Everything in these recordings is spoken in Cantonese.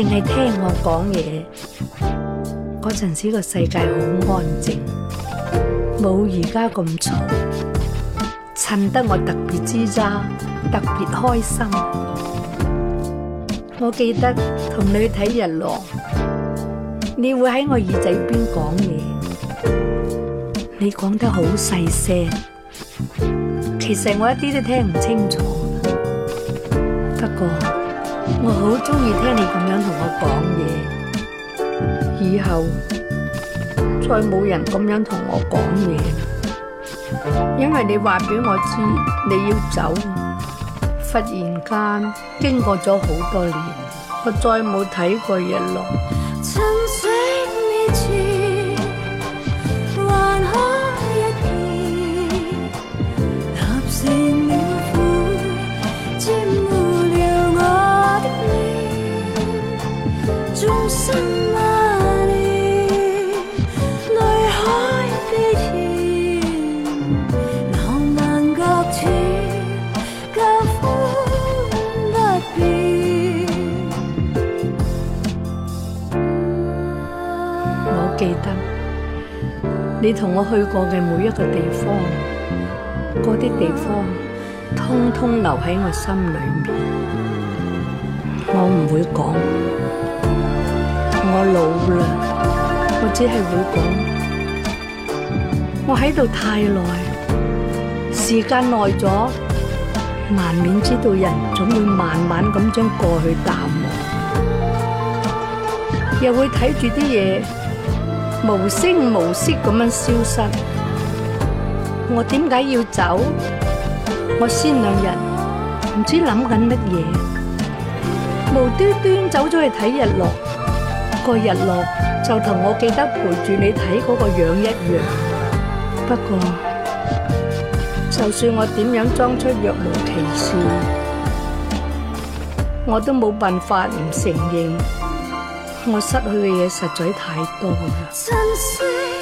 淨係聽我講嘢，嗰陣時個世界好安靜，冇而家咁嘈，襯得我特別之渣，特別開心。我記得同你睇日落，你會喺我耳仔邊講嘢，你講得好細聲，其實我一啲都聽唔清楚。不過。我好中意聽你咁樣同我講嘢，以後，再冇人咁樣同我講嘢，因為你話俾我知你要走，忽然間經過咗好多年，我再冇睇過日落。你同我去過嘅每一個地方，嗰啲地方通通留喺我心裏面。我唔會講，我老啦，我只係會講，我喺度太耐，時間耐咗，難免知道人總會慢慢咁將過去淡忘，又會睇住啲嘢。無聲無息咁樣消失，我點解要走？我先兩日唔知諗緊乜嘢，無端端走咗去睇日落，個日落就同我記得陪住你睇嗰個樣一樣。不過就算我點樣裝出若無其事，我都冇辦法唔承認。我失去嘅嘢實在太多啦。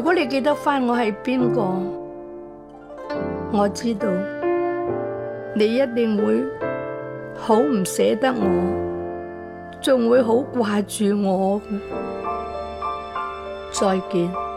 如果你記得返我係邊個，我知道你一定會好唔捨得我，仲會好掛住我。再見。